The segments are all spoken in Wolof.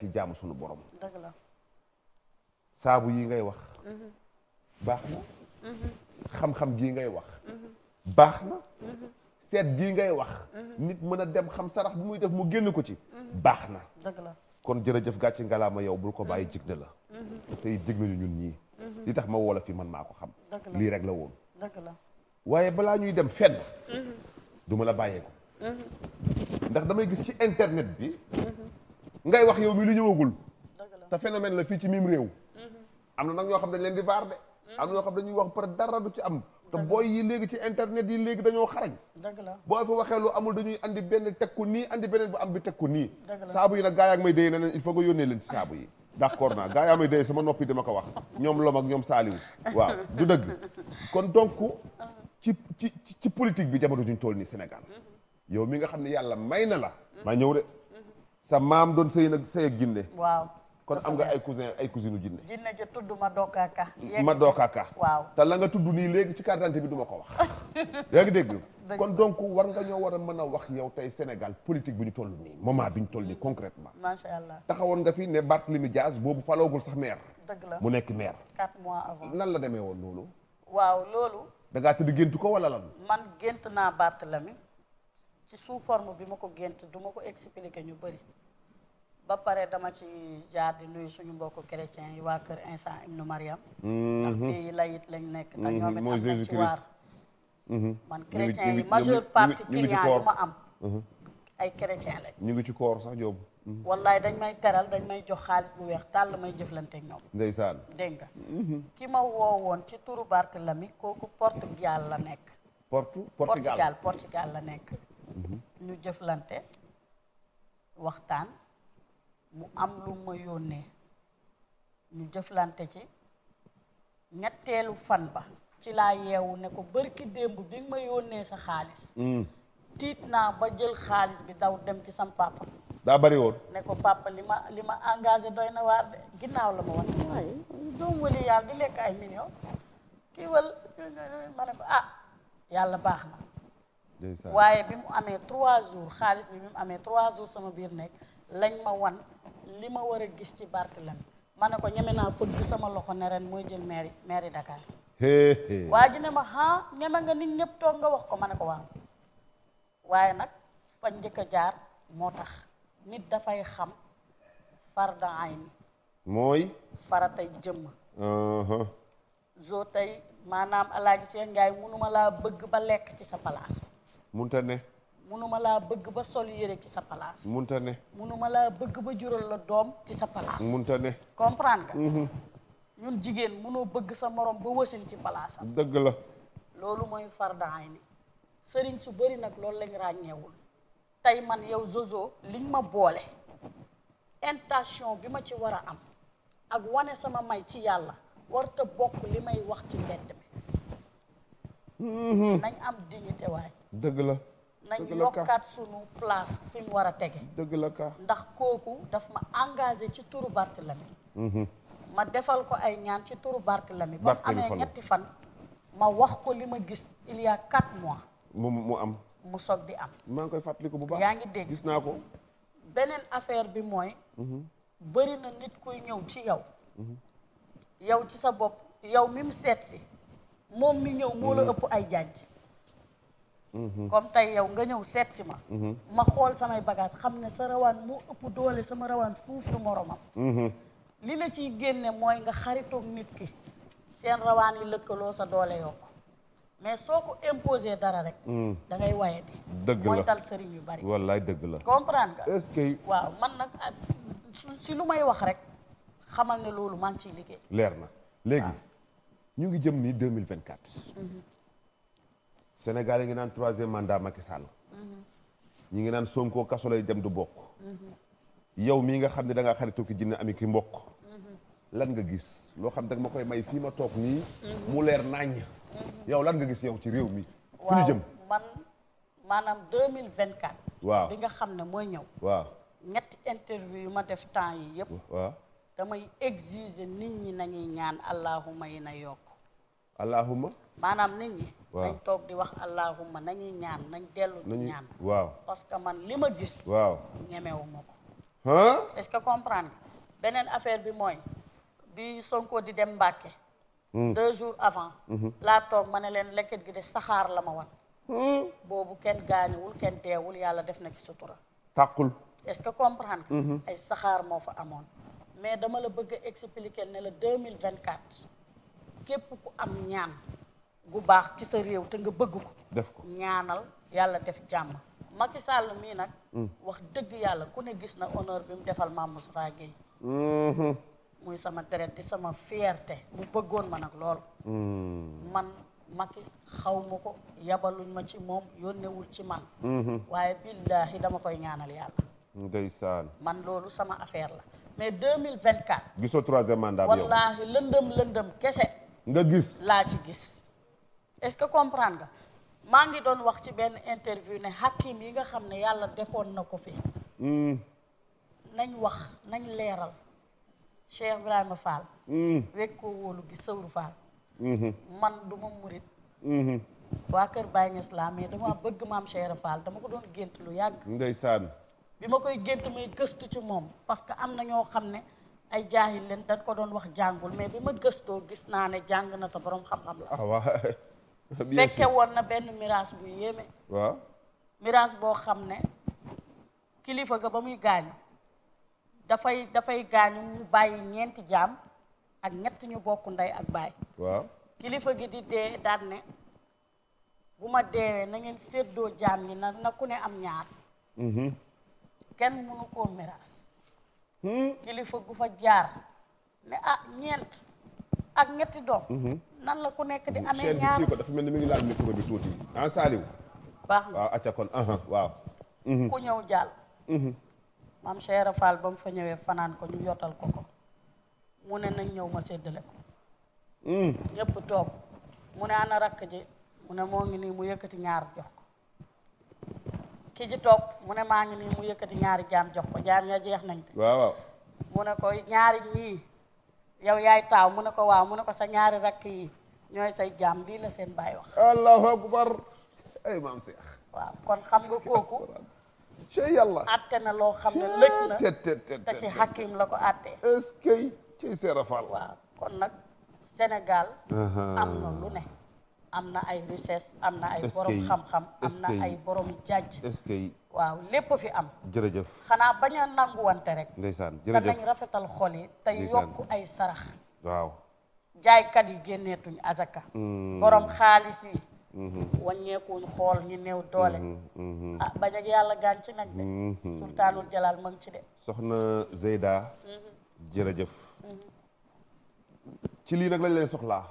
ci jaamu sunu borom. dëgg la saabu yi ngay wax. Mhm. baax na. Mhm. xam-xam gii ngay wax. Mhm. baax na. seet gii ngay wax. nit mën a dem xam sarax bu muy def mu génn ko ci. baax na. dëgg la kon ci gàcce ngalaama yow bul ko bàyyi jig na la. tey jig nañu ñun ñii. li tax ma woo la fi man maa ko xam. lii rek la woon. dëgg la waaye balaa ñuy dem fenn. du ma la bàyyeeku. ndax damay gis ci internet bi. ngay wax yow mii lu ñëwagul te phénomène la fii ci mim réew mm-hmm. am na nag ñoo xam dañ leen di baar de mm-hmm. am na ñoo xam dañuy wax par dara du ci am te booy yi léegi ci internet yi léegi dañoo xarañ boo fa waxee lu amul dañuy àndi benn teg ko nii andi benn bu am bi teg ko nii saabu yi nag gaa yaa may déy ne leen il faut leen ci yi d'accord naa gaa yaa may déy sama noppi dama ko wax ñoom lom ak ñoom saaliw waaw du dëgg kon donc ci ci ci politique bi jamono juñ toll nii senegal mm-hmm. yow mi nga xam ne yàlla may na la maa ñëw de sa maam doon sëy nag sëy ak jinne waaw kon am nga ay cousin ay cousine jinne jinne ja tudd ma dookaaka ma dookaaka waaw te la nga tudd nii léegi ci carte d'identité bi du ma ko wax yaa dégg kon donc war nga ñoo war mën a wax yow tey Sénégal politique bu ñu toll nii moment bu ñu toll nii hmm. concrètement macha allah taxawoon nga fi ne Barthélemy Diaz boobu faloogul sax maire dëgg la mu nekk maire quatre mois nan la demee woon loolu waaw loolu da ngaa tëdd géntu ko wala lan man gént naa Barthélemy ci sous forme bi ma ko gént duma ko expliquer ñu bëri ba pare dama ci jaar di suñu mbokku chrétien yi waa kër instant ibnu Mariam. ndax mhm. pays layit lañ nekk. te mhm. ñoom it am mhm. man chrétien yi majeure partie client yi ma am. ay chrétien lañ. ñu ngi ci koor sax Diop. wallaay dañ may teral dañ may jox xaalis bu weex tàll may jëflante ñoom. ndeysaan dégg nga. ki ma woo woon ci turu Barthélemy kooku Portugal la nekk. Portu Portugal Portugal Portugal la nekk. ñu jëflante waxtaan mu am lu ma yónnee ñu jëflante ci ñetteelu fan ba ci laa yeewu ne ko bërki démb bi ma yónnee sa xaalis mm. tiit naa ba jël xaalis bi daw dem ci sam papa daa bari woon ne ko papa li ma li ma engagé doy na waar de ginnaaw la ma wan waaye doom wali yàlla di lekk ay million kii ah yàlla baax na waaye bi mu amee trois jours xaalis bi bi mu amee trois jours sama biir nekk lañ ma wan li ma war a gis ci la ma ne ko ñeme naa fëgg sama loxo ne mooy jël mairie mairie Dakar waa ji ne ma ah ñeme nga nit ñëpp toog nga wax ko ma ne ko waaw waaye nag fa njëkk a jaar moo tax nit dafay xam farda ayn mooy faratay jëmm uh-huh. zoo tey maanaam alaaji Cheikh Ndiaye munuma laa bëgg ba lekk ci sa palaas munta ne munuma laa bëgg ba sol yére ci sa place munta ne munuma laa bëgg ba jural la doom ci sa place munta ne comprendre nga mhm. ñun jigéen munoo bëgg sa morom ba wasin ci palaasam dëgg la loolu mooy far farda ni sëriñ su bari nag loolu lañ ràññeewul tey man yow Jojo liñ ma boole intention bi ma ci war a am ak wane sama may ci yàlla warta bokk li may wax ci mbedd bi mhm. nañ am dignité waay dëgg la nañ yokkaat sunu place fi mu war a tege dëgg la ka ndax kooku daf ma engagé ci turu Barthélemy mhm. ma defal ko ay ñaan ci turu Barthélemy la mu amee ñetti ma wax ko li ma gis a quatre mois mu mu am mu soog di am maa ngi koy fàttaliku bu baax yaa ngi dégg gis naa ko beneen affaire bi mooy mhm. na nit kuy ñëw ci yow mhm. yow ci sa bopp yow mi mu seet si moom mi ñëw moo la ëpp ay jaaj Mm-hmm. comme tey yow nga ñëw seet si ma mm-hmm. ma xool samay bagage xam ne sa rawaan moo ëpp doole sama rawaan fuuf lu moromam mm-hmm. li la ciy génne mooy nga xaritoog nit ki seen rawaan yi lëkkaloo sa doole yokk mais soo ko imposé dara rek mm. da ngay waye di dëgg la yu bari wallaay dëgg la comprendre nga waaw man nag ah, si lu may wax rek xamal ne loolu maa ngi ciy liggéey leer na léegi ñu ngi jëm ni deux mille vingt-quatre Sénégal yi ngi naan troisième mandat Macky Sall. ñi ngi naan Sonko kaso lay dem du bokk. yow mii nga xam ne da ngaa xaritu ki jinne ami ki mbokk. lan nga gis loo xam ne ma koy may fii ma toog nii. mu leer naññ. yow lan nga gis yow ci réew mi. fu ñu jëm man maanaam deux mille vingt quatre. waaw bi nga xam ne mooy ñëw. waaw ñetti interview yu ma def temps yi yëpp. waaw damay exiger nit ñi nañuy ñaan allahuma yi na yokk. allahuma. maanaam nit ñi nañ toog di wax allahumma nañuy ñaan nañ dellu di ñaan waaw parce que man li ma gis waaw ñemewuma ko est-ce que comprendre beneen affaire bi mooy bi Sonko di dem Mbàkke hmm. deux jours avant mhm. laa toog ma ne leen lekket gi de saxaar la ma wan hmm. boobu kenn gaañuwul kenn deewul yàlla def na ci sutura tàqul est-ce que comprendre mhm. ay saxaar moo fa amoon mais dama la bëgg a expliquer ne la deux mille vingt quatre képp ku am ñaan gu baax ci sa réew te nga bëgg ko. def ko ñaanal yàlla def jàmm. Macky Sall mii nag. Mm. wax dëgg yàlla ku ne gis na honneur bi mu defal Mame Moustapha Guèye. Mm-hmm. muy sama deret di sama fierté bu bëggoon ma nag lool. Mm. man Macky xaw ma ko yabaluñ ma ci moom yónnewul ci man. Mm-hmm. waaye billaahi dama koy ñaanal yàlla. ndeysaan man loolu sama affaire la mais deux mille vingt quatre. gisoo troisième mandat bi yow wallaahi lëndëm lëndëm kese. nga gis laa ci gis. est-ce que comprendre nga maa ngi doon wax ci benn interview ne hakim yi nga xam ne yàlla defoon na ko fi hmm. nañ wax nañ leeral Cheikh Ibrahima Fall hmm. wekk koo wóolu gi sëwru Fall hmm. man du murit waa kër Baye Niass la mais dama bëgg maam cher Fall dama ko doon gént lu yàgg ndeysaan bi ma koy gént may gëstu ci moom parce que am na ñoo xam ne ay jaahil leen dañ ko doon wax jàngul mais bi ma gëstoo gis naa ne jàng na te boroom xam-xam la ah, fekke woon na benn mirage bu yéeme. waaw boo xam ne kilifa ga ba muy gaañu dafay dafay gaañu mu bàyyi ñeenti jaam ak ñett ñu bokk ndey ak baay. kilifa gi di dee daan ne bu ma deewee na seddoo séddoo jaam ñi na na ku ne am ñaar. Mm-hmm. kenn mënu koo mirage. Hmm? kilifa gu fa jaar ne ah ñeent. ak ñetti doom. Mhm. nan la ku nekk di amee ñaar ko dafa mel ni mi ngi laal micro bi tuuti ah Saliou. baax na waaw acca kon waaw. Mhm. ku ñëw jàll. Mhm. maam Cheikh Fall ba mu fa ñëwee fanaan ko ñu yotal ko ko mu ne ñëw ma séddale ko. toog mu ne ana rakk ji mu ne moo ngi nii mu yëkkati ñaar jox ko ki ji toog mu ne maa ngi nii mu yëkkati ñaar jaam jox ko jaam ña jeex nañ. waaw waaw mu ne ko ñaari ñii. yow yaay taaw mu ne ko waaw mu ne ko sa ñaari rakk yi ñooy say jaam lii la seen baay wax allahu akbar ay maam seex waaw kon xam nga kooku ci yàlla atte na loo xam ne lëj na te ci hakim la ko atte est-ce que ci seerafal waaw kon nag Sénégal am na lu ne am na ay richesse am na ay borom xam-xam am na ay borom jàjj waaw lépp fi am jërëjëf xanaa bañ a nanguwante rek ndeysaan jërëjëf nañ rafetal xol yi te yokk ay sarax waaw jaaykat yi génneetuñ azaka mm. borom xaalis yi mm-hmm. wàññeekuñ xool ñu néew doole mm-hmm. Mm-hmm. ah bañ yàlla gaan ci nag de sultaanul jalaal ma ci de soxna Zeyda jërëjëf ci lii nag lañ leen soxlaa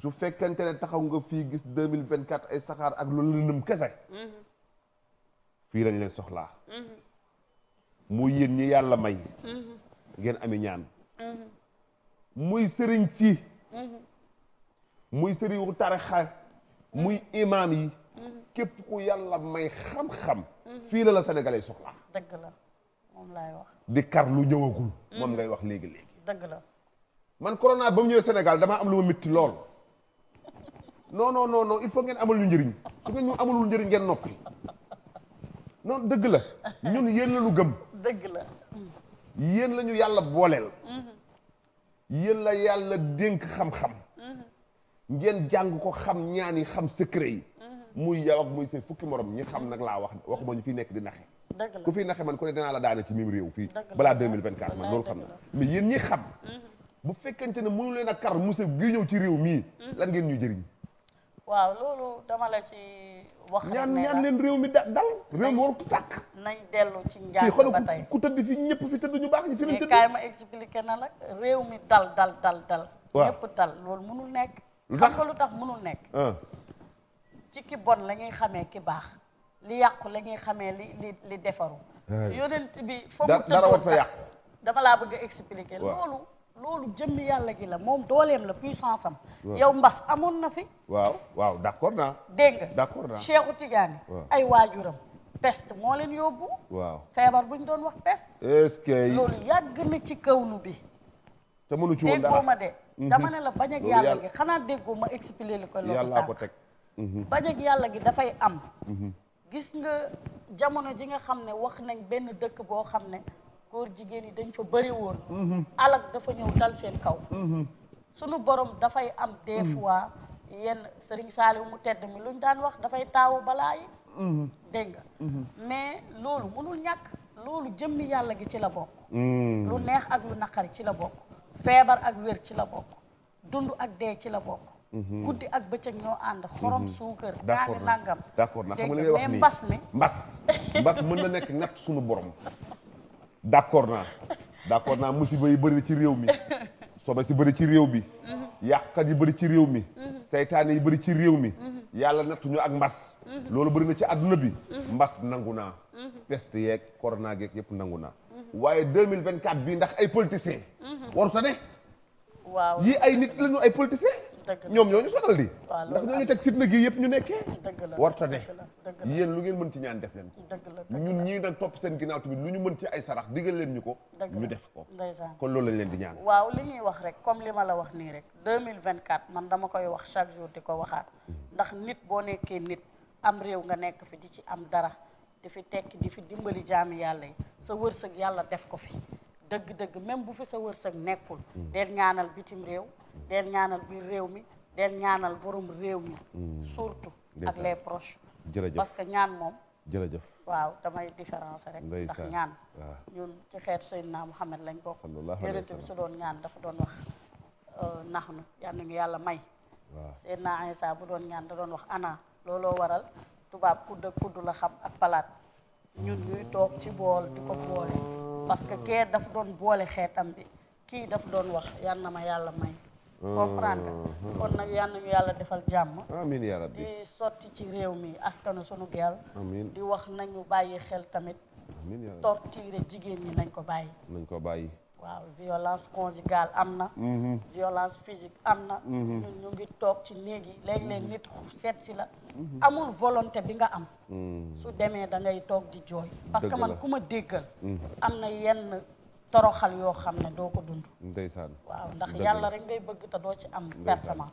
su fekkente ne taxaw nga fii gis de mille vingt quatre ay saxaar ak lu lëndëm kese. fii lañ leen soxlaa. muy yéen ñi yàlla may. ngeen ami ñaan. muy sëriñ ci. muy sëriñu tarixa muy imaam yi. képp ku yàlla may xam-xam. fii la la sénégalais soxlaa. dëgg la moom laay wax. di kar lu ñëwagul. moom ngay wax léegi léegi. dëgg la. man corona ba mu ñëwee senegal damaa am lu ma métti lool. non non non il faut ngeen amal ñu njëriñ su ngeen ñu amalul njëriñ ngeen noppi non dëgg la ñun yéen la ñu gëm. dëgg la. yéen la ñu yàlla booleel. Mm-hmm. yéen la dénk xam-xam. Mm-hmm. ngeen jàng ko xam ñaan yi xam secret yi. Mm-hmm. muy yow ak muy say fukki morom ñi xam nag laa wax waxuma ñu fi nekk di naxe. ku fi naxe man ku ne dinaa la daane ci mim réew fii. balaa deux mille vingt quatre man loolu xam na mais yéen ñi xam. bu fekkente ne mënu leen a kar musa gi ñëw ci réew mii. lan ngeen ñu jëriñ. waaw loolu dama la ci wax. ñaan ñaan réew mi dal réew mi warut tàkk. nañ dellu ci njàng ba tey ku tëdd fi ñëpp fi tëdd ñu baax ñu fi lañ tëdd. kaay ma expliqué na la réew mi dal dal dal dal. waaw loolu mënul nekk. lu xam lu tax mënul nekk. Ah. ci ki bon la ñuy xamee ki baax li yàqu la ñuy xamee li li li defaru yonent bi. foofu tëddoon dara war ta yàqu. dama laa bëgg a expliqué loolu. loolu jëmm yàlla ji la moom dooleem la puissance am. yow mbas amoon na fi. waaw waaw d' accord naa. dégg nga d' accord naa Cheikhou Tidiane. ay waajuram. pest moo leen yóbbu. waaw feebar bu ñu doon wax peste. est ce loolu yàgg na ci kawlu bi. te mënu ci woon dara déggoo ma de. Mhm. dama ne la bañ ak yàlla gi xanaa déggoo ma expliqué li ko. loolu sax ko teg. Mhm. yàlla gi dafay am. Mhm. gis nga jamono ji nga xam ne wax nañ benn dëkk boo xam ne. koor jigéen yi dañ fa bëri woon mhm. alak dafa ñëw dal seen kaw mhm. sunu borom dafay am des mhm. yenn sëriñ Saaliw mu tedd mi luñ daan wax dafay taawu balaa yi dégg nga mais loolu mënul ñàkk loolu jëmmi yàlla gi ci la bokk lu neex ak lu naqari ci la bokk feebar ak wér ci la bokk dund ak dee ci la bokk guddi ak bëccëg ñoo ànd xorom suukar daani nangam d'accord naa xam nga wax nii mbas mi mbas mbas mën na nekk natt suñu borom d'accord naa d'accord naa musiba yi bëri ci réew mi sobe si bëri ci réew mi yàqkat yi bëri ci réew mi seytaane yi bëri ci réew mi yàlla nattuñu ak mbas loolu bëri na ci àdduna bi mbas nangu naa peste yeeg corona geeg yëpp nangu naa waaye deux mille vingt 2024 bii ndax ay politiciens waruta ne waaw yii ay nit lañu ay politiciens ñoom ñoo ñu sonal di ndax ñoo ñu teg fitna gi yëpp ñu nekkee warta ne yéen lu ngeen mën ci ñaan def leen ko ñun ñii nag topp seen ginnaaw tamit lu ñu mën ci ay sarax digal leen ñu ko ñu def ko kon loolu lañ leen di ñaan waaw li ñuy wax rek comme li ma la wax nii rek 2024 man dama koy wax chaque jour di ko waxaat ndax nit boo nekkee nit am réew nga nekk fi di ci am dara di fi tekki di fi dimbali jaami yàlla yi sa wërsëg yàlla def ko fi dëgg-dëgg même bu fi sa wërsëg nekkul hmm. deel ñaanal bitim réew del ñaanal bi réew mi del ñaanal borom réew mi mm. surtout ak les parce que ñaan moom jërëjëf waaw damay différence rek ndax ñaan ñun ci xeet Seydina Muhammad lañ bokk yonent bi su doon ñaan dafa doon wax euh, nax nu yal nañu yàlla may Seydina Isa bu doon ñaan da doon wax ana looloo waral tubaab kudd ak kudd la xam ak palaat ñun ñuy toog ci bool di ko boole parce que kee dafa doon boole xeetam bi kii daf doon wax yal na ma yàlla may comprendre nga mm-hmm. kon nag yal nañu yàlla defal jàmm amiin yaa di sotti ci réew mi askanu sunu gel amiin di wax nañu bàyyi xel tamit amiin yaa rabbi jigéen yi nañ ko bàyyi nañ ko bàyyi waaw violence conjugale am na mm-hmm. violence physique am na mm-hmm. ñun ñu ngi toog ci néegi léeg-léeg nit seet si la amul volonté bi nga am mm. su demee da ngay toog di jooy parce que man ku ma déggal am na yenn toro toroxal yoo xam ne doo ko dund. ndeysaan waaw ndax yàlla rek ngay bëgg te doo ci am pertement